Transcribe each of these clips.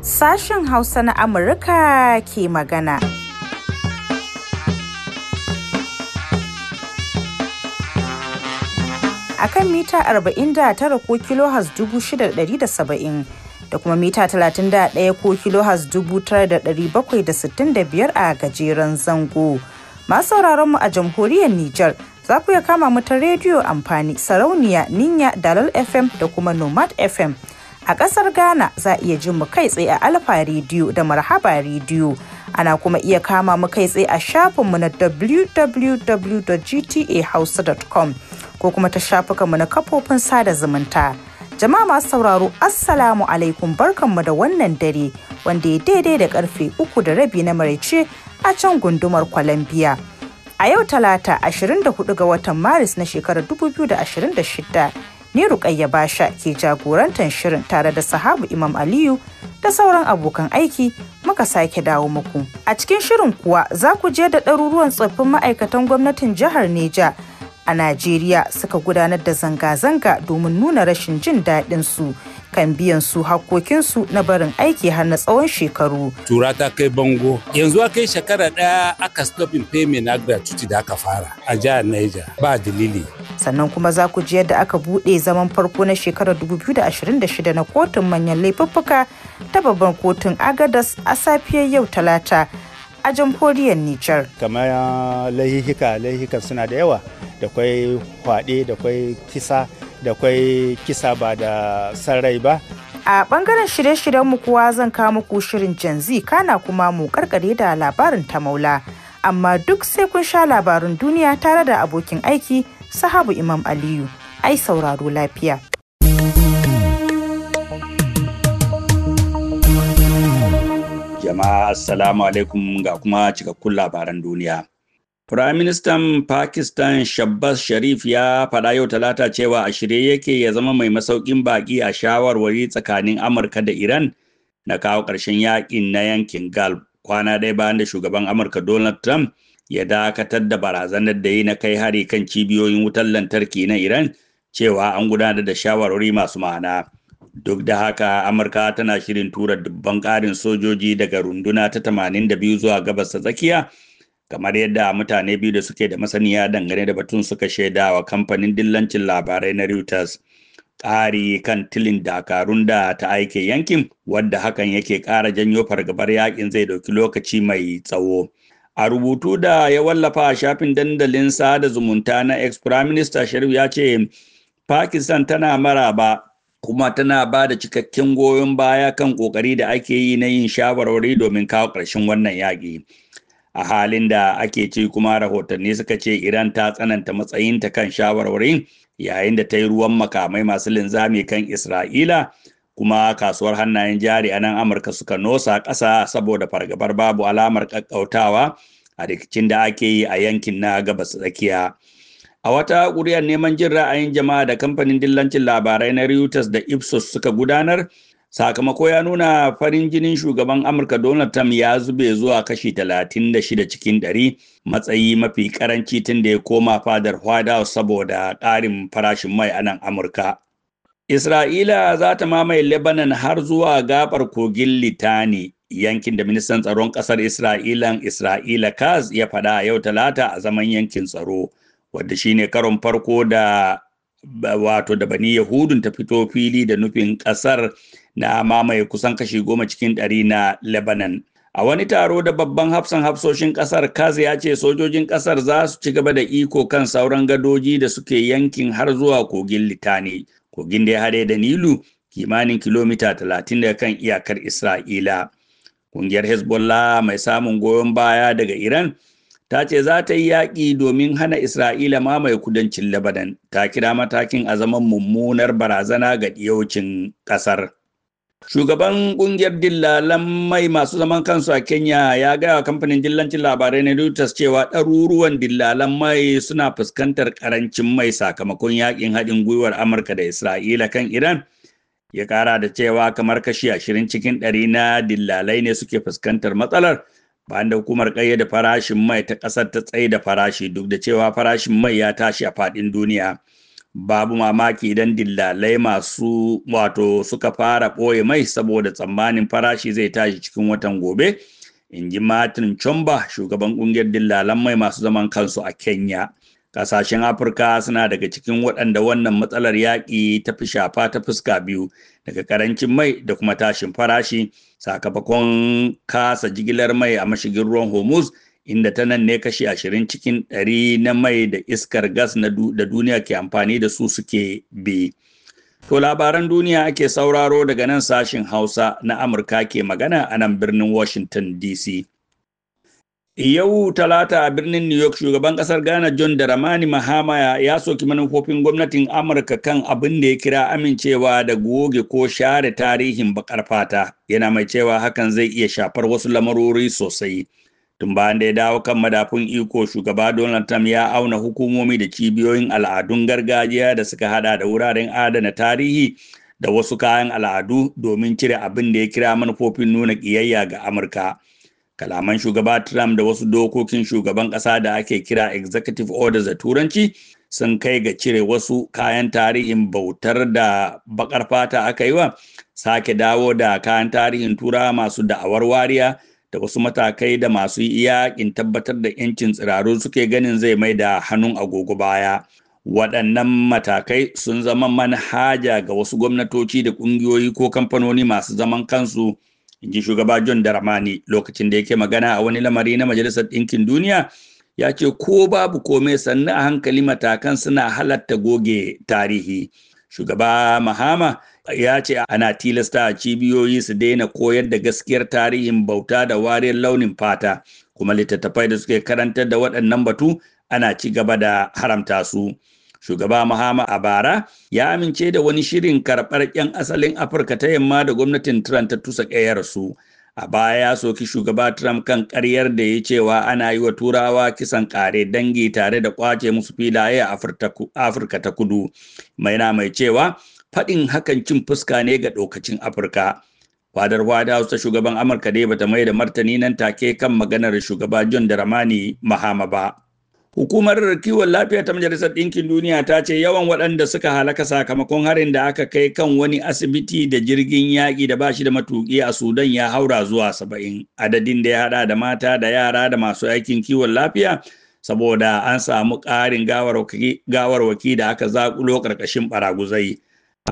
Sashen Hausa na Amurka ke magana. A kan mita 49 ko kilohas 6,670 da kuma mita 31 ko kilohas biyar a gajeren zango. Masu sauraronmu a jamhuriyar Nijar za ku iya kama mu ta rediyo amfani sarauniya ninya dalal fm da kuma nomad fm a ƙasar ghana za a iya jin mu kai tsaye a alfa rediyo da marhaba rediyo ana kuma iya kama mu kai tsaye a shafinmu na www.gtahausa.com ko kuma ta mu na kafofin sada zumunta jama'a masu sauraro assalamu alaikum barkanmu da wannan dare wanda ya daidai da karfe uku da rabi na maraice a can gundumar kwalambiya. A yau talata 24 ga watan Maris na shekarar 2026 ne Rukayya Basha ke jagorantar shirin tare da sahabu Imam Aliyu da sauran abokan aiki muka sake dawo muku. A cikin shirin kuwa za ku je da ɗaruruwan tsoffin ma'aikatan gwamnatin jihar Neja a Najeriya suka gudanar da zanga-zanga domin nuna rashin jin daɗin su. kan biyan su hakokinsu na barin aiki har na tsawon shekaru. Tura ta kai bango. Yanzu akai kai shekara ɗaya aka stopping payment na gratuity da aka fara a jihar Niger ba dalili. Sannan kuma za ku ji yadda aka buɗe zaman farko na shekarar 2026 na kotun manyan laifuffuka ta babban kotun Agadas a safiyar yau Talata. a jamhuriyar Nijar. Kamar laihika laihika suna da yawa da kwai kwaɗe da kwai kisa da kwai kisa ba da sarai ba a ɓangaren shirye-shiryenmu kuwa zan kama ku shirin janzi kana kuma mu karkare da labarin ta maula amma duk sai kun sha labarin duniya tare da abokin aiki sahabu imam aliyu ai sauraro lafiya jama'a assalamu alaikum ga kuma cikakkun labaran duniya Firaministan Pakistan Shabbas Sharif ya faɗa yau talata cewa a shirye yake ya zama mai masaukin baƙi a shawarwari tsakanin Amurka da Iran na kawo ƙarshen yaƙin na yankin gal kwana ɗaya bayan da shugaban Amurka Donald Trump ya dakatar da barazanar da yi na kai hari kan cibiyoyin wutar lantarki na Iran cewa an gudanar da shawarwari masu ma'ana. Duk da haka Amurka tana shirin tura dubban ƙarin sojoji daga runduna ta 82 zuwa gabas ta tsakiya. kamar yadda mutane biyu da suke da masaniya dangane da batun suka shaida wa kamfanin dillancin labarai na Reuters ƙari kan tilin dakarun da ta aike yankin wadda hakan yake ƙara janyo fargabar yakin zai ɗauki lokaci mai tsawo. A rubutu da ya wallafa a shafin dandalin sada zumunta na ex Prime Minister Sharif ya ce Pakistan tana maraba kuma tana ba da cikakken goyon baya kan ƙoƙari da ake yi na yin shawarwari domin kawo ƙarshen wannan yaƙi. a halin da ake ci kuma rahotanni suka ce iran ta tsananta matsayinta kan shawarwarin yayin da ta yi ruwan makamai masu linzami kan isra'ila kuma kasuwar hannayen jari a nan amurka suka nosa ƙasa saboda fargabar babu alamar ƙaƙƙautawa a rikicin da ake yi a yankin na gabas tsakiya a wata ƙuri'ar neman jin ra'ayin jama'a da kamfanin dillancin labarai na reuters da ipsos suka gudanar Sakamako ya nuna farin jinin shugaban Amurka Donald Trump ya zube zuwa kashi 36 cikin 100 matsayi mafi karanci tun da ya koma fadar White House saboda ƙarin farashin mai a nan Amurka. Isra'ila za ta mamaye Lebanon har zuwa gabar kogin Litani, yankin da ministan tsaron ƙasar Isra'ilan Isra'ila Kaz ya faɗa yau talata a zaman yankin tsaro, wadda shine karon farko da wato da bani yahudun ta fito fili da nufin ƙasar na mamaye kusan kashi goma cikin ɗari na lebanon a wani taro da babban hafsan hafsoshin ƙasar kaz ya ce sojojin ƙasar za su ci gaba da iko kan sauran gadoji da suke yankin har zuwa kogin litani kogin da ya hade da nilu kimanin kilomita talatin daga kan iyakar isra'ila ƙungiyar hezbollah mai samun goyon baya daga iran ta ce za ta yi yaƙi domin hana Isra'ila mamaye kudancin Lebanon, ta kira matakin a zaman mummunar barazana ga ɗiyaucin ƙasar. Shugaban ƙungiyar dillalan mai masu zaman kansu a Kenya ya gaya wa kamfanin dillancin labarai na Reuters cewa ɗaruruwan dillalan mai suna fuskantar ƙarancin mai sakamakon yaƙin haɗin gwiwar Amurka da Isra'ila kan Iran. Ya ƙara da cewa kamar kashi ashirin cikin ɗari na dillalai ne suke fuskantar matsalar. bayan da hukumar da farashin mai ta ƙasar ta tsaye da farashi duk da cewa farashin mai ya tashi a faɗin duniya babu mamaki idan dillalai masu wato suka fara ɓoye mai saboda tsammanin farashi zai tashi cikin watan gobe in ji martin chomba shugaban ƙungiyar dillalan mai masu zaman kansu a kenya Kasashen Afirka suna daga cikin waɗanda wannan matsalar yaƙi ta fi shafa ta fuska biyu daga ƙarancin mai da kuma tashin farashi sakamakon kasa jigilar mai a mashigin ruwan Hormuz inda ta nan ne kashi ashirin cikin ɗari na mai da iskar gas na da duniya ke amfani da su suke bi. To labaran duniya ake sauraro daga nan sashin Hausa na Amurka ke magana a nan birnin Washington DC. Yau Talata a birnin New York shugaban kasar Ghana John Dramani Mahama ya soki manufofin gwamnatin Amurka kan abin da ya kira amincewa da goge ko share tarihin bakar fata. Yana mai cewa hakan zai iya shafar wasu lamarori sosai. Tun bayan da ya dawo kan madafun iko shugaba Donald Trump ya auna hukumomi da cibiyoyin al'adun gargajiya da suka hada da wuraren adana tarihi da wasu kayan al'adu domin cire abin da ya kira manufofin nuna ƙiyayya ga Amurka. kalaman shugaba trump da wasu dokokin shugaban ƙasa da ake kira executive orders a turanci sun kai ga cire wasu kayan tarihin bautar da bakar fata aka yi wa sake dawo da kayan tarihin tura masu da'awar wariya da wasu matakai da masu yakin tabbatar da 'yancin tsiraru suke ganin zai mai da hannun agogo baya waɗannan matakai sun zama manhaja ga wasu gwamnatoci da ƙungiyoyi ko kamfanoni masu zaman kansu inji shugaba john Ramani lokacin da yake magana a wani lamari na majalisar ɗinkin duniya ya ce ko babu komai sannu a hankali matakan suna halatta goge tarihi shugaba mahama ya ce ana tilasta a cibiyoyi su daina koyar da gaskiyar tarihin bauta da wariyar launin fata kuma littattafai da suke karantar da waɗannan batu ana ci gaba da haramta su Shugaba Mahama a bara ya amince da wani shirin karɓar 'yan asalin Afirka ta yamma da gwamnatin Trump ta tusa ƙayarsu. A baya ya soki shugaba Trump kan ƙaryar da ya cewa ana yi wa Turawa kisan ƙare dangi tare da ƙwace musu filaye a Afirka ta kudu. Mai na mai cewa faɗin hakan cin fuska ne ga ɗaukacin Afirka. fadar white house ta shugaban amurka dai bata mai da martani nan take kan maganar shugaba john dramani mahama ba Hukumar kiwon lafiya ta Majalisar Ɗinkin Duniya ta ce yawan waɗanda suka halaka sakamakon harin da aka kai kan wani asibiti da jirgin yaƙi da bashi da matuƙi a Sudan ya haura zuwa saba'in. Adadin da ya haɗa da mata da yara da masu aikin kiwon lafiya saboda an samu ƙarin gawarwaki da aka zaƙulo ƙarƙashin ɓaraguzai.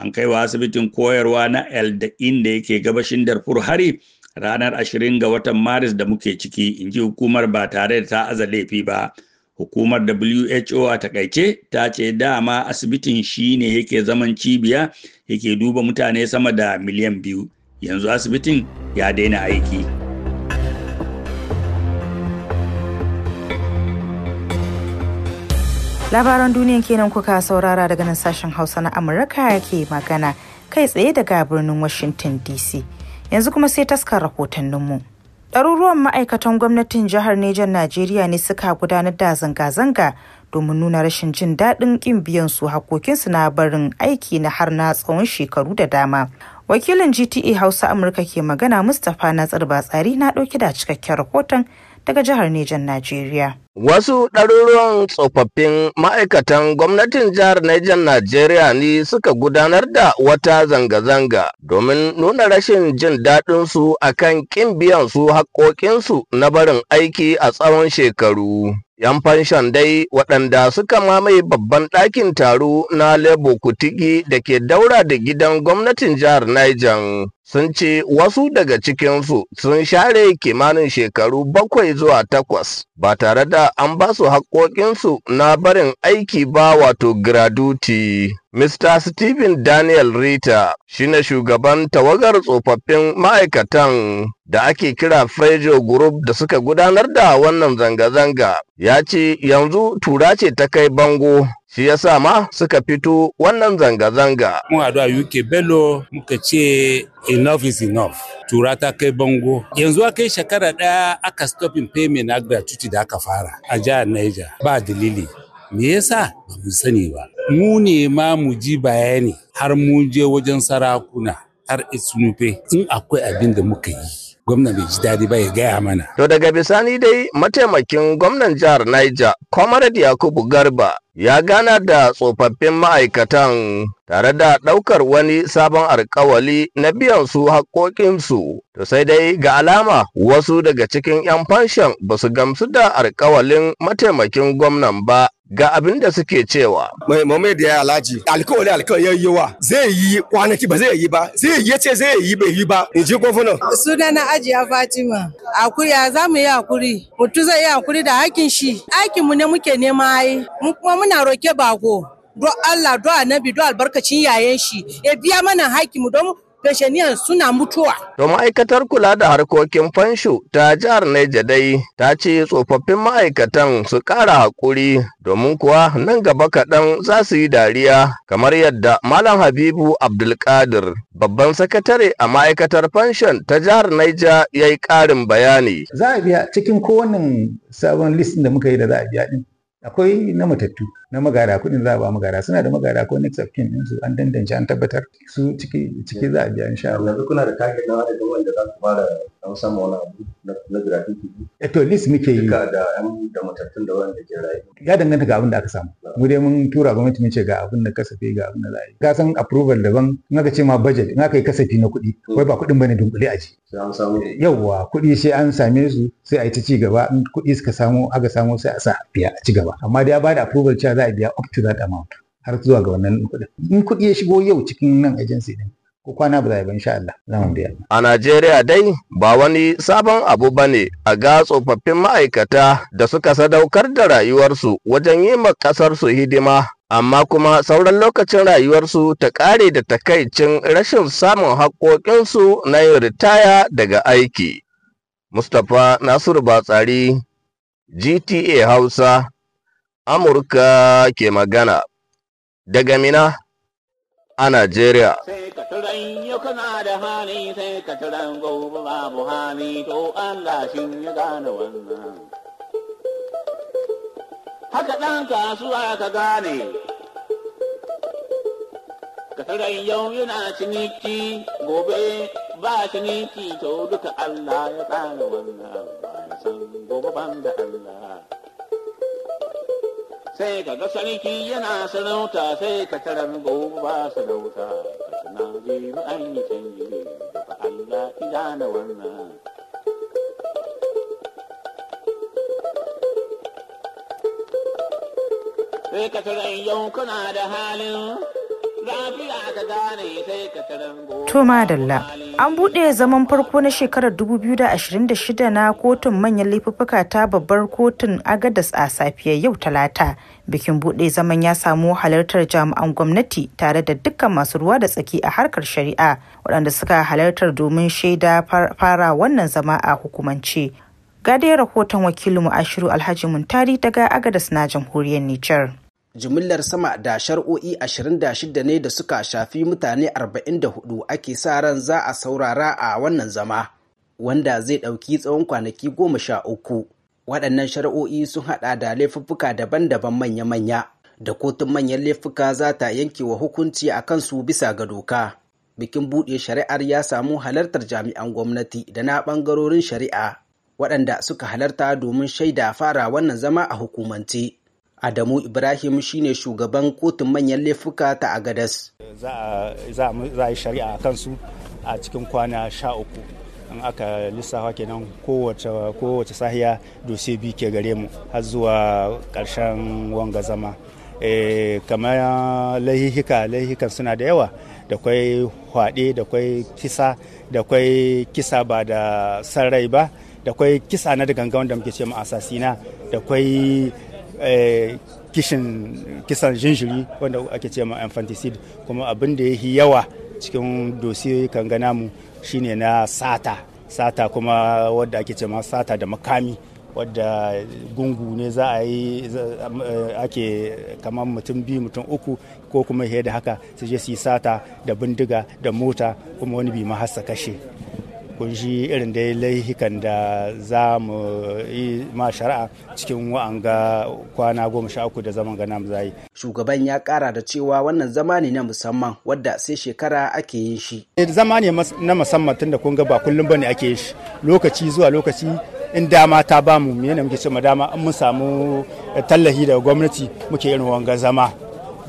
An kai wa asibitin koyarwa na Eldain da inda yake gabashin Darfur hari ranar ashirin ga watan Maris da muke ciki, in ji hukumar ba tare da ta aza laifi ba. Hukumar WHO a takaice ta ce dama asibitin shi ne yake zaman cibiya yake duba mutane sama da miliyan biyu. Yanzu asibitin ya daina aiki. Labaran duniya kenan kuka saurara daga nan sashen Hausa na Amurka ke magana kai tsaye daga birnin Washington DC. Yanzu kuma sai taskar rahotanninmu. mu. ɗaruruwan ma'aikatan gwamnatin jihar Nijar Najeriya ne suka gudanar da zanga-zanga domin nuna rashin jin daɗin ƙin biyan su hakokinsu na barin aiki na har na tsawon shekaru da dama. Wakilin GTA Hausa Amurka ke magana Mustapha Natsir Batsari na ɗauki da cikakken rahoton daga jihar Nijar Najeriya. Wasu ɗaruruwan tsofaffin ma'aikatan gwamnatin jihar Niger Najeriya ne suka gudanar da wata zanga-zanga domin nuna rashin jin daɗinsu a kan ƙin biyan su haƙoƙinsu na barin aiki a tsawon shekaru. ‘Yan fanshan dai waɗanda suka mamaye babban ɗakin taro na Lebo Kutigi da ke daura da gidan gwamnatin jihar Niger. sun ce wasu daga cikinsu sun share kimanin shekaru bakwai zuwa takwas ba tare da an ba su haƙoƙinsu na barin aiki ba wato graduti. Mr. Stephen Daniel Rita shine shugaban tawagar tsofaffin ma'aikatan da ake kira Frejo Group da suka gudanar da wannan zanga-zanga ya ce yanzu tura ce ta kai bango shi sa ma suka fito wannan zanga-zanga. Mun haɗu a UK Bello muka ce enough is enough. Tura ta kai bango. Yanzu aka yi shekara ɗaya aka stopping payment na gratuity da aka fara a jihar Niger ba dalili. Me yasa ba mu sani ba. Mu ne ma mu ji bayani har mu je wajen sarakuna har isunufe in akwai abin da muka yi. gwamna bai ji daɗi ba ya gaya mana. To daga bisani dai mataimakin gwamnan jihar Niger, Comrade Yakubu Garba ya gana da tsofaffin ma'aikatan tare da ɗaukar wani sabon alkawali na biyan su haƙoƙinsu. To sai dai ga alama wasu daga cikin 'yan fanshan ba su gamsu da alkawalin mataimakin gwamnan ba ga abin da suke cewa. Mai mamai da ya alhaji alkawali alkawali ya yi wa zai yi kwanaki ba zai yi ba zai yi ce zai yi bai yi ba in ji gwamnan. Suna na ajiya Fatima akuri ya za mu yi akuri mutu zai yi akuri da hakin shi aikin mu ne muke nema yi mu kuma muna roke bago do Allah do annabi do albarkacin yayen shi ya biya mana hakimu don fashaniyan suna mutuwa. To ma'aikatar kula da harkokin fansho ta jihar Neja dai ta ce tsofaffin ma'aikatan su ƙara haƙuri domin kuwa nan gaba kaɗan za su yi dariya kamar yadda Malam Habibu Abdulkadir babban sakatare a ma'aikatar fanshon ta jihar Neja ya yi ƙarin bayani. Za a biya cikin kowanne sabon listin da muka yi da za a biya din. akwai na matattu na magada kudin za a ba magada suna da magada ko next of kin su an dandance an tabbatar su ciki ciki za a biya insha Allah. Yanzu kuna da target na adadin wanda za ku fara an samu wani abu na gratuity. eh to list muke yi. Duka da an da matattun da wanda ke rayu. Ya danganta ga abin da aka samu. Mu dai mun tura gwamnati mun ce ga abin da kasafi ga abin da za a yi. Ka san approval daban in aka ce ma budget in aka yi kasafi na kuɗi mm. wai ba kuɗin bane dunkule a ji. Sai an samu. Eh, kuɗi sai an same su sai a yi ta ci gaba in kuɗi suka samu aka samu sai a sa biya a ci gaba amma dai ya bada approval cewa za a biya up to that amount har zuwa ga wannan kuɗin in kuɗi ya shigo yau cikin nan agency din ko kwana ba za a insha Allah za mu biya a Najeriya dai ba wani sabon abu bane a ga tsofaffin ma'aikata da suka sadaukar da rayuwarsu wajen yi ma ƙasarsu hidima amma kuma sauran lokacin rayuwarsu ta ƙare da takaicin rashin samun haƙoƙinsu na yin ritaya daga aiki. Mustapha Nasiru Batsari, GTA Hausa Amurka ke magana daga Mina a Najeriya. Sai Haka ɗan kasuwa ka gane, ka yau yana ciniki ciniki to duka Allah ya tsara wannan ba san gobe ban da Allah. sai ka ga sarki yana sarauta sai ka taran gobe ba sarauta ka tuna zai an yi canji daga Allah ida na wannan sai ka taran yau kana da halin lafiya ka gane sai ka taran gobe to madalla An buɗe zaman farko na shekarar 2026 na kotun manyan laifuffuka ta babbar kotun Agadas a safiya yau talata. Bikin buɗe zaman ya samu halartar jami'an gwamnati tare da dukkan masu ruwa da tsaki a harkar shari'a waɗanda suka halartar domin shaida fara wannan zama a hukumance. Ga rahoton wakilinmu Ashiru Alhaji Muntari daga Agadas na jamhuriyar Nijar. jimillar sama da shar'o'i 26 ne da suka shafi mutane 44 ake sa ran za a saurara a wannan zama wanda zai ɗauki tsawon kwanaki goma sha uku waɗannan shari'o'i sun haɗa da laifuffuka daban-daban manya-manya da kotun manyan laifuka za ta yanke wa hukunci a kansu bisa ga doka bikin buɗe shari'ar ya samu halartar jami'an gwamnati da na ɓangarorin shari'a waɗanda suka halarta domin shaida fara wannan zama a hukumance Adamu Ibrahim shine shugaban kotun manyan laifuka ta Agadas. Za a yi shari'a a kansu a cikin kwana sha uku. In aka lissafa kenan kowace sahiya dose bi ke gare mu har zuwa ƙarshen wanga zama. Eh, kamar laihika laihikan suna da yawa da kwai hwaɗe da kwai kisa da kwai kisa ba da sarrai ba da kwai kisa na da ganga wanda muke ce ma asasina da kwai Eh, kishin kisan jinjiri wanda ake cewa infanticide kuma abin da ya yi yawa cikin dosiyoyi kan gana mu shine na sata sata kuma wadda ake cewa sata da makami wadda gungu ne za a yi eh, ake kamar mutum biyu mutum uku ko kuma fiye da haka su je su yi sata da bindiga da mota kuma wani bi ma kashe kun shi irin dai-dai laihikan da za mu yi ma shari'a cikin wa'anga kwana goma sha uku da zaman gana mu zai. Shugaban ya kara da cewa wannan zama ne na musamman wadda sai shekara ake yin shi. Eh, zama ne na musamman da kun ga ba kullum bane ake yin shi lokaci zuwa lokaci in dama ta bamu mu yana muke ce dama an mun samu tallahi daga gwamnati muke irin wanga zama.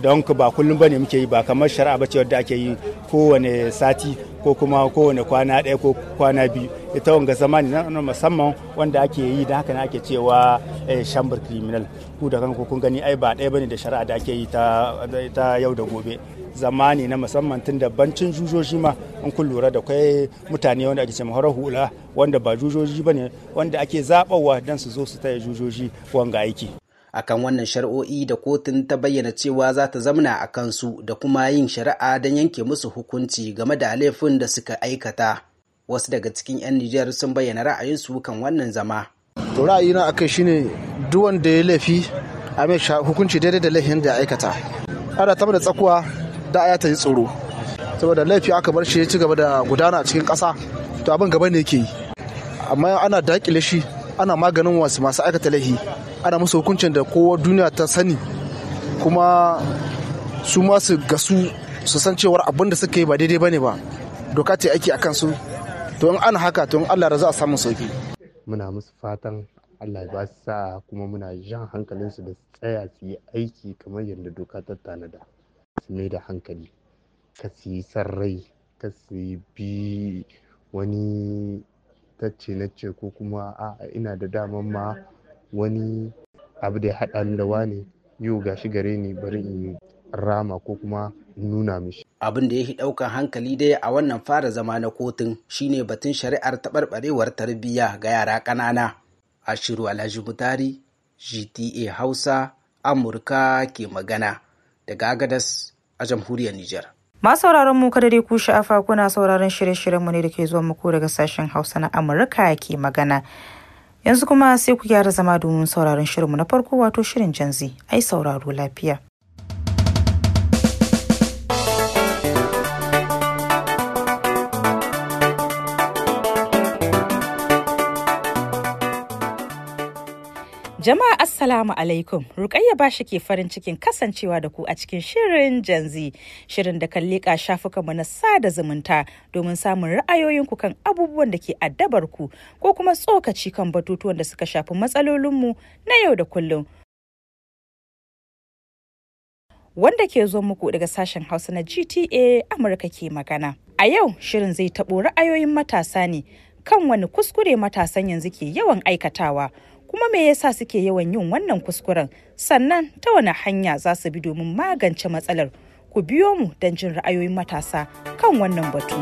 don ba kullum bane muke yi ba kamar shari'a ba ce wadda ake yi kowane sati ko kuma kowane kwana ɗaya ko kwana biyu ita wanga zama ne na musamman wanda ake yi da haka na ake cewa shambar eh, criminal ku da kanku kun gani ai ba ɗaya bane da shari'a da ake yi ta yau da gobe zamani na musamman tun da bancin jujoji ma in kun lura da kwai mutane wanda ake cewa horar hula wanda ba jujoji bane wanda ake zabawa don su zo su taya jujoji wanga aiki akan wannan shari'o'i da kotun ta bayyana cewa za ta zamna a kansu da kuma yin shari'a don yanke musu hukunci game da laifin da suka aikata wasu daga cikin 'yan nijar sun bayyana ra'ayinsu kan wannan zama to ra'ayina kai shine duk wanda ya laifi a mai hukunci daidai da laifin da ya aikata ana ta da tsakuwa da aya ta yi tsoro saboda laifi aka bar shi ya ci gaba da gudana a cikin ƙasa to abin gaba ne yake yi amma ana dakile shi ana maganin wasu masu aikata laifi ana musu hukuncin da kowa duniya ta sani kuma su masu gasu su san cewar abin da suka yi ba daidai ba ne ba doka ce aiki a kansu to in ana haka to in Allah da za a samu sauki muna musu fatan Allah ya ba su sa kuma muna jan hankalinsu da tsaya su yi aiki kamar yadda doka ta tanada su mai da hankali ka su yi sarrai ka su bi wani tacce na ce ko kuma a'a ina da daman ma wani abu da ya haɗa ni da wane yau gashi gare ni bari in rama ko kuma nuna mishi. Abin da ya fi ɗaukan hankali dai a wannan fara zama na kotun shine batun shari'ar taɓarɓarewar tarbiyya ga yara ƙanana. Ashiru Alhaji Mutari, GTA Hausa, Amurka ke magana daga Agadas a jamhuriyar Nijar. Masu sauraron mu kada dai ku sha'afa kuna sauraron shirye-shiryenmu ne da ke zuwa muku daga sashen Hausa na Amurka ke magana. Yanzu kuma sai ku gyara zama domin sauraron shirinmu na farko wato shirin Janzi, ai sauraro lafiya. Jama'a Assalamu alaikum Rukayya ba shi ke farin cikin kasancewa da ku a cikin shirin Janzi shirin da kan leƙa shafukanmu na sada zumunta domin samun ra'ayoyinku kan abubuwan da ke addabar ku ko kuma tsokaci kan batutuwan da suka shafi matsalolinmu na yau da kullum. Wanda ke zo muku daga sashen Hausa na GTA Amurka ke magana. A yau shirin zai taɓo ra'ayoyin matasa ne kan wani kuskure matasan yanzu ke yawan aikatawa. kuma me yasa suke yawan yin wannan kuskuren sannan ta wani hanya za su bi domin magance matsalar ku biyo mu don jin ra'ayoyin matasa kan wannan batu.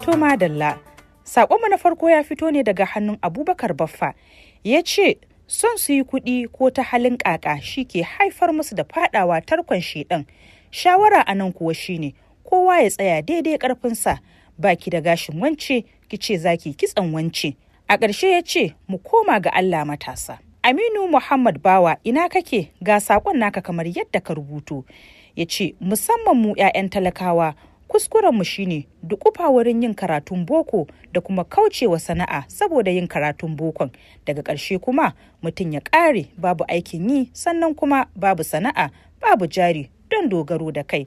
Toma Dalla Saƙonmu na farko ya fito ne daga hannun Abubakar Baffa ya ce son su yi kuɗi ko ta halin ƙaƙa shi ke haifar musu da faɗawa tarkon shiɗan. Shawara a nan kuwa shine ne kowa ya tsaya daidai karfinsa baki da gashin wance ki ce zaki kitsan wance a ƙarshe ya ce mu koma ga Allah matasa Aminu Muhammad Bawa ina kake ga saƙon naka kamar yadda ka rubuto ya ce musamman mu 'ya'yan talakawa kuskuren mu shine dukufa wurin yin karatun boko da kuma kaucewa sana'a saboda yin karatun bokon daga ƙarshe kuma mutum ya ƙare babu aikin yi sannan kuma babu sana'a babu jari don dogaro da kai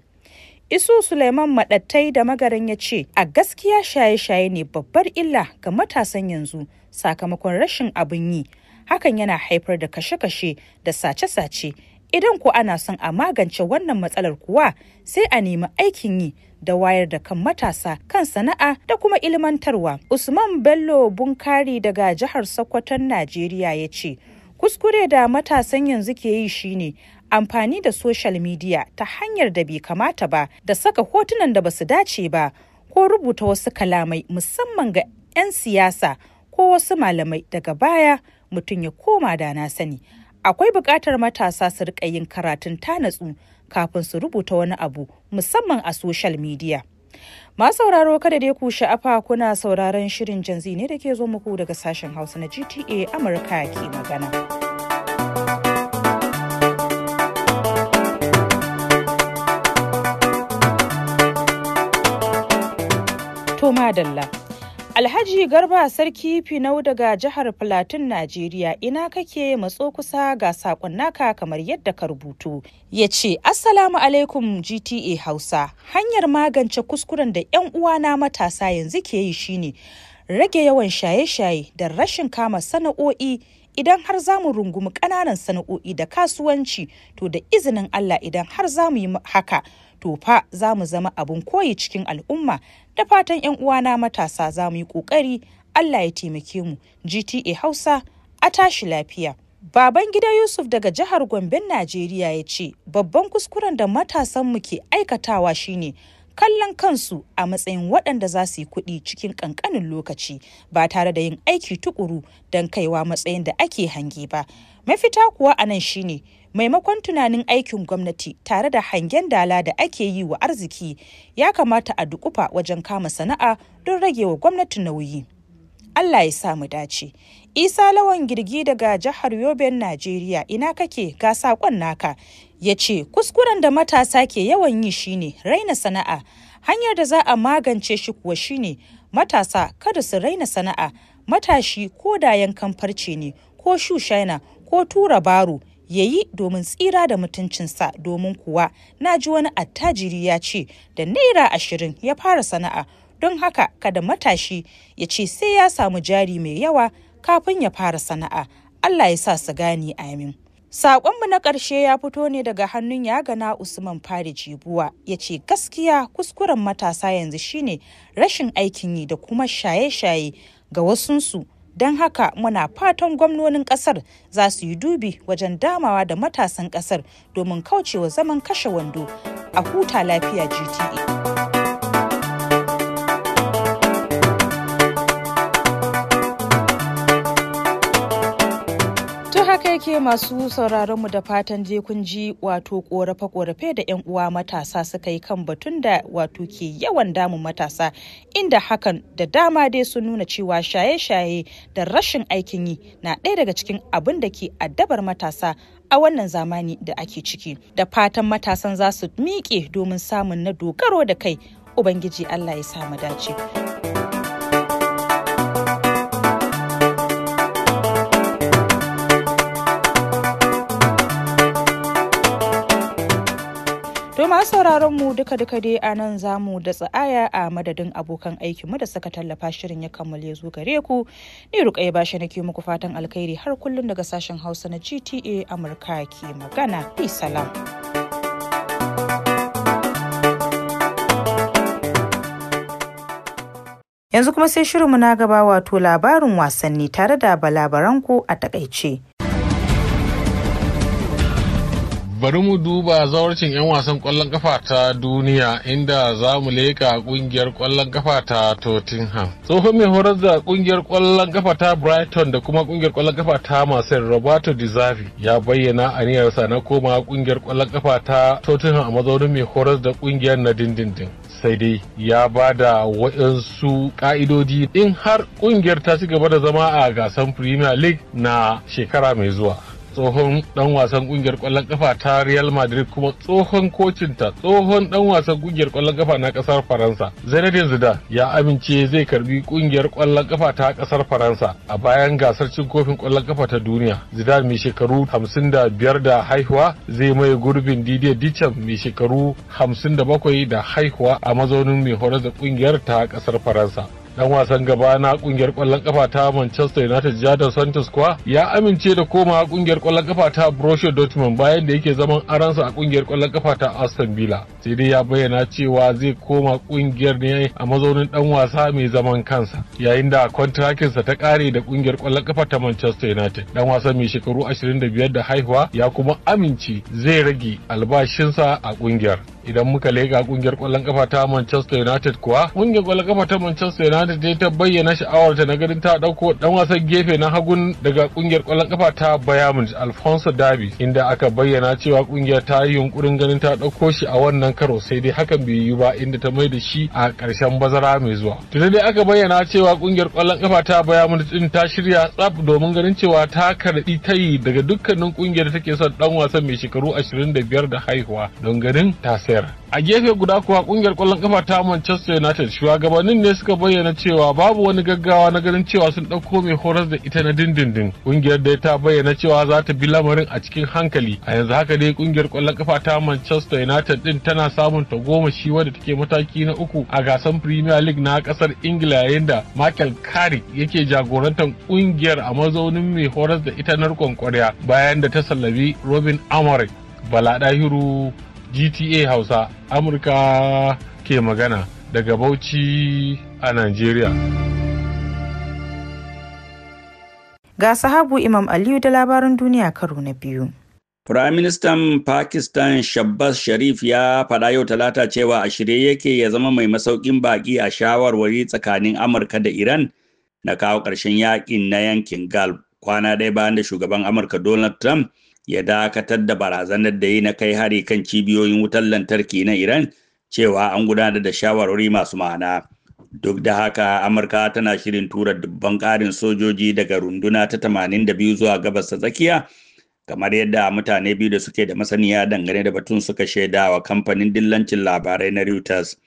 Isu Suleiman Maɗattai da Magaran ya ce, a gaskiya shaye-shaye ne babbar illa ga matasan yanzu sakamakon rashin abin yi. Hakan yana haifar da kashe-kashe da sace-sace. Idan ko ana son a magance wannan matsalar kuwa sai a nemi aikin yi da wayar da kan matasa kan sana'a da kuma ilmantarwa. Usman Bello Bunkari daga jihar Sokoton Najeriya ya ce, kuskure da matasan yanzu ke yi shine amfani da social media ta hanyar da bai kamata ba da saka hotunan da basu dace ba ko rubuta wasu kalamai musamman ga 'yan siyasa ko wasu malamai daga baya mutum ya koma da na sani akwai buƙatar matasa su riƙa yin karatun tanatsu kafin su rubuta wani abu musamman a social media. Ma sauraro kada dai ku sha'afa kuna sauraron shirin janzi ne da ke zo muku daga sashen Hausa na GTA Amurka ke magana. madalla. Alhaji Garba Sarki Finau daga jihar Filatin Najeriya ina kake matso kusa ga sakon naka kamar yadda ka rubutu. Ya ce, Assalamu alaikum GTA Hausa, hanyar magance kuskuren da 'yan uwana matasa yanzu ke yi shine rage yawan shaye-shaye da rashin kama sana'o'i idan har za mu rungumi ƙananan sana'o'i da kasuwanci to da izinin Allah idan har za mu yi haka to fa za mu zama abin koyi cikin al'umma da fatan 'yan uwana matasa za mu yi ƙoƙari Allah ya taimake mu GTA Hausa a tashi lafiya. Baban gida Yusuf daga jihar Gomben Najeriya ya ce babban kuskuren da matasan mu ke aikatawa shine kallon kansu a matsayin waɗanda za su yi kuɗi cikin ƙanƙanin lokaci ba tare da yin aiki tukuru don kaiwa matsayin da ake hange ba. mafita kuwa a nan shine maimakon tunanin aikin gwamnati tare da hangen dala da ake yi wa arziki ya kamata a dukufa wajen kama sana'a don rage wa gwamnati nauyi allah ya samu dace isa lawan girgi daga jihar yoben najeriya ina kake ga saƙon naka ya ce kuskuren da matasa ke yawan yi shine raina sana'a hanyar da za a magance shi kuwa shine matasa kada su raina sana'a matashi ko da yankan farce ne ko shushaina ko tura baro ya yi domin tsira da mutuncinsa domin kuwa na ji wani attajiri ya ce da naira ashirin ya fara sana'a don haka kada matashi ya ce sai ya samu jari mai yawa kafin ya fara sana'a Allah ya sa su gani amin. Saƙonmu na ƙarshe ya fito ne daga hannun ya gana Usman Fari Jibuwa ya ce gaskiya kuskuren matasa yanzu shine rashin aikin yi da kuma shaye-shaye ga wasunsu don haka muna fatan gwamnonin kasar za su yi dubi wajen damawa da matasan kasar domin kaucewa zaman kashe wando a huta lafiya gta ke masu sauraronmu da fatan je kun ji wato korafe-korafe da 'yan uwa matasa suka yi kan batun da wato ke yawan damun matasa inda hakan da dama dai sun nuna cewa shaye-shaye da rashin aikin yi na ɗaya daga cikin abin da ke addabar matasa a wannan zamani da ake ciki da fatan matasan za su miƙe domin samun na dogaro da kai ubangiji allah ya samu dace. ma sauraron mu duka duka dai a nan za mu da tsa'aya a madadin abokan aikinmu da suka tallafa shirin ya kammala zo gare ku ni ya bashi nake muku fatan alkhairi har kullum daga sashen hausa na gta amurka ke magana bi salam. Yanzu kuma sai shirinmu na gaba wato labarin wasanni tare da balabaranku a takaice. Bari mu duba zawarcin 'yan wasan kwallon kafa ta duniya inda za mu leƙa ƙungiyar ƙwallon kafa ta Tottenham. Tsohon mai horar da ƙungiyar kwallon kafa ta Brighton da kuma ƙungiyar kwallon kafa ta masu Roberto Di Zavi ya bayyana a aniyarsa na koma ƙungiyar ƙwallon kafa ta Tottenham a mazaunin mai horar da kungiyar na dindindin. sai dai ya ba da waɗansu ƙa'idodi in har ƙungiyar ta ci gaba da zama a gasar premier league na shekara mai zuwa tsohon dan wasan kungiyar kwallon kafa ta Real Madrid kuma tsohon kocinta tsohon dan wasan kungiyar kwallon kafa na kasar Faransa Zinedine Zidane ya amince zai karbi kungiyar kwallon kafa ta kasar Faransa a bayan gasar cin kofin kwallon kafa ta duniya Zidane mai shekaru 55 da haihuwa zai maye gurbin Didier Dicham mai shekaru 57 da haihuwa a mazaunin mai horar da kungiyar ta kasar Faransa dan wasan gaba na kungiyar kwallon kafa ta Manchester United Jadon Santos kuwa ya amince da koma kungiyar kwallon kafa ta Borussia Dortmund bayan da yake zaman aransa a kungiyar kwallon kafa ta Aston Villa sai dai ya bayyana cewa zai koma kungiyar ne a mazaunin dan wasa mai zaman kansa yayin da sa ta kare da kungiyar kwallon kafa ta Manchester United dan wasan mai shekaru 25 da haihuwa ya kuma amince zai rage albashinsa a kungiyar idan muka lega kungiyar kwallon kafa ta Manchester United kuwa kungiyar ƙwallon kafa ta Manchester United ta bayyana sha'awarta na ganin ta dauko dan wasan gefe na hagun daga kungiyar kwallon kafa ta Bayern Munich Alfonso Davi inda aka bayyana cewa kungiyar ta yi yunkurin ganin ta dauko shi a wannan karo sai dai hakan bai yi ba inda ta mai da shi a karshen bazara mai zuwa. Tunda dai aka bayyana cewa kungiyar kwallon kafa ta Bayern Munich din ta shirya tsaf domin ganin cewa ta karɓi tayi daga dukkanin kungiyar da take son dan wasan mai shekaru 25 da haihuwa don ganin ta A gefe guda kuwa kungiyar kwallon kafa ta Manchester United shugabannin ne suka bayyana cewa babu wani gaggawa na ganin cewa sun ɗauko mai horas da ita na dindindin. Kungiyar da ta bayyana cewa za ta bi lamarin a cikin hankali. A yanzu haka dai kungiyar kwallon kafa ta Manchester United din tana samun ta goma shi wadda take mataki na uku a gasar Premier League na kasar Ingila yayin da Michael Carrick yake jagorantar kungiyar a mazaunin mai horas da ita na kwarya bayan da ta sallabi Robin Amore. Bala Dahiru GTA Hausa Amurka ke magana daga Bauchi a Najeriya. Ga sahabu Imam Aliyu da labarin duniya karo na biyu. Firaministan Pakistan Shabbas Sharif ya faɗa yau talata cewa a shirye yake ya zama mai masaukin baƙi a shawarwari tsakanin Amurka da Iran na kawo ƙarshen yaƙin na yankin Gulf kwana ɗaya bayan da shugaban Amurka Donald Trump ya dakatar da barazanar da yi na kai hari kan cibiyoyin wutar lantarki na Iran cewa an gudanar da shawarwari masu ma'ana. Duk da haka Amurka tana shirin tura dubban ƙarin sojoji daga runduna ta 82 zuwa gabas ta tsakiya kamar yadda mutane biyu da suke da masaniya dangane da batun suka shaida wa kamfanin dillancin labarai na Reuters.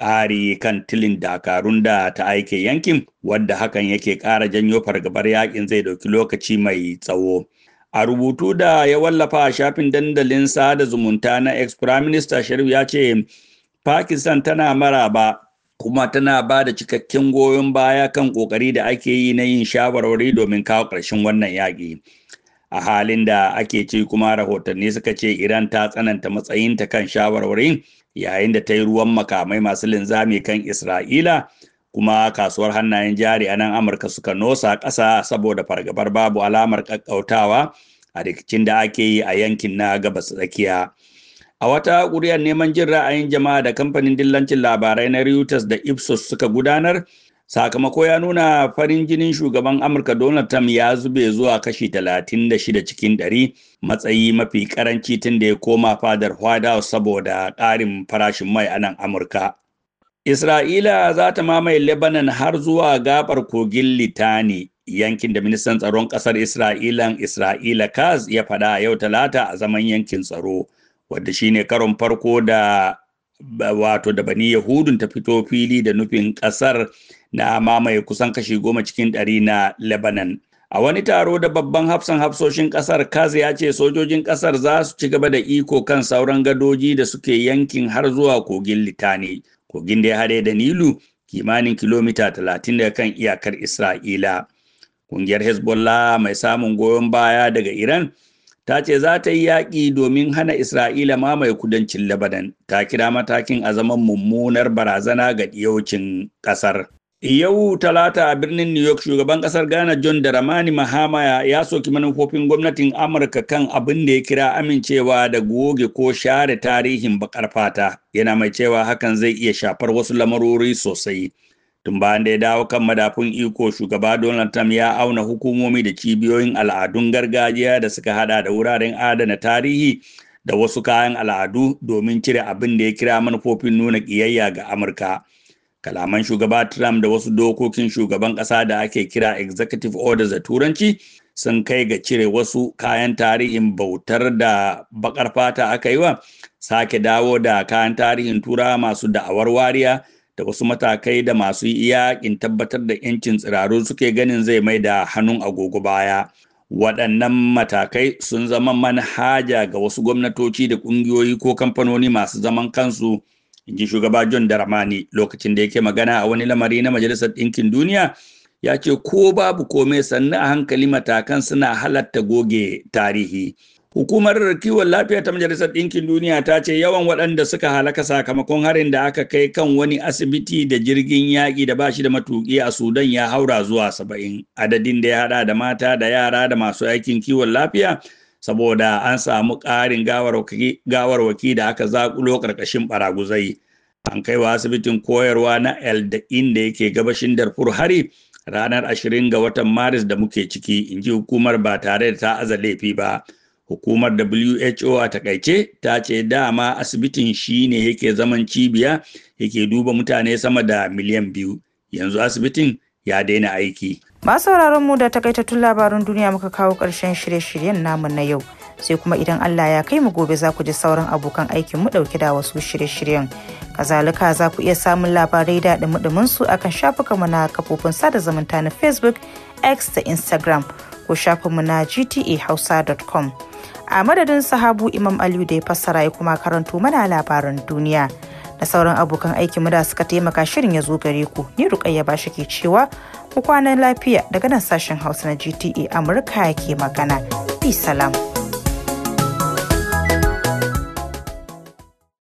ƙari kan tilin dakarun da ta aike yankin wadda hakan yake ƙara janyo fargabar yakin zai ɗauki lokaci mai tsawo. A rubutu da ya wallafa a shafin dandalin sada zumunta na ex-Prime Minister Sharif ya ce, Pakistan tana maraba kuma tana ba da cikakken goyon baya kan ƙoƙari da ake yi na yin shawarwari domin kawo ƙarshen wannan yaƙi. A halin da ake ce kuma rahotanni suka ce Iran ta tsananta matsayinta kan shawarwari, yayin da ta yi ruwan makamai masu linzami kan Isra'ila kuma kasuwar hannayen jari a nan amurka suka nosa ƙasa saboda fargabar babu alamar ƙaƙƙautawa a rikicin da ake yi a yankin na gabas tsakiya a wata ƙuri'ar neman jin ra'ayin jama'a da kamfanin dillancin labarai na reuters da ipsos suka gudanar sakamako ya nuna farin jinin shugaban amurka donald trump ya zube zuwa kashi 36 cikin 100 matsayi mafi ƙaranci tun da ya koma fadar white house saboda ƙarin farashin mai a nan amurka Isra'ila za ta mamaye Lebanon har zuwa gabar kogin Litani, yankin da ministan tsaron ƙasar Isra'ilan Isra'ila Kaz ya faɗa yau talata a zaman yankin tsaro, wadda shine karon farko da wato da bani Yahudun ta fito fili da nufin ƙasar na mamaye kusan kashi goma cikin ɗari na Lebanon. A wani taro da babban hafsan hafsoshin ƙasar Kaz ya ce sojojin ƙasar za su ci gaba da iko kan sauran gadoji da suke yankin har zuwa kogin Litani. kogin da ya haɗe da nilu kimanin kilomita 30 daga kan iyakar isra'ila ƙungiyar hezbollah mai samun goyon baya daga iran ta ce za ta yi yaƙi domin hana isra'ila mamaye kudancin lebanon ta kira matakin a zaman mummunar barazana ga diyaucin ƙasar Yau Talata a birnin New York shugaban kasar Ghana John Dramani Mahama ya soki manufofin gwamnatin Amurka kan abin da ya kira amincewa da goge ko share tarihin bakar fata. Yana mai cewa hakan zai iya shafar wasu lamarori sosai. Tun bayan da ya dawo kan madafun iko shugaba Donald Trump ya auna hukumomi da cibiyoyin al'adun gargajiya da suka hada da wuraren adana tarihi da wasu kayan al'adu domin cire abin da ya kira manufofin nuna ƙiyayya ga Amurka. kalaman shugaba trump da wasu dokokin shugaban ƙasa da ake kira executive orders a turanci sun kai ga cire wasu kayan tarihin bautar da bakar fata aka yi wa sake dawo da kayan tarihin tura masu da'awar wariya da wasu matakai da masu yakin tabbatar da 'yancin tsiraru suke ganin zai mai da hannun agogo baya waɗannan matakai sun zama manhaja ga wasu gwamnatoci da ƙungiyoyi ko kamfanoni masu zaman kansu inji shugaba John Dramani lokacin da yake magana a wani lamari na Majalisar Ɗinkin Duniya ya ce ko babu kome sannu a hankali matakan suna halatta goge tarihi. Hukumar kiwon lafiya ta Majalisar Ɗinkin Duniya ta ce yawan waɗanda suka halaka sakamakon harin da aka kai kan wani asibiti da jirgin yaƙi da bashi da matuƙi a Sudan ya haura zuwa saba'in. Adadin da ya haɗa da mata da yara da masu aikin kiwon lafiya saboda an samu ƙarin gawar waki da aka zaƙulo ƙarƙashin baraguzai an kai wa asibitin koyarwa na eldain da yake gabashin darfur hari ranar 20 ga watan maris da muke ciki in ji hukumar ba tare da ta aza laifi ba hukumar who a takaice ta ce dama asibitin shi ne yake zaman cibiya yake duba mutane sama da miliyan biyu yanzu asibitin ya daina aiki Masu mu da takaitattun labarun duniya muka kawo ƙarshen shirye-shiryen namu na yau. Sai kuma idan Allah ya kai mu gobe za ku ji sauran abokan aikin mu ɗauki da wasu shirye-shiryen. Kazalika za ku iya samun labarai da ɗumi su akan shafukanmu na kafofin sada zumunta na Facebook, X da Instagram ko shafinmu na gtahausa.com. A madadin sahabu Imam Aliyu da ya fassara ya kuma karanto mana labaran duniya. da sauran abokan aiki mu da suka taimaka shirin ya zo gare ku ni rukayya ba shi ke cewa ku kwanan lafiya daga nan sashen hausa na gta amurka ke magana bi salam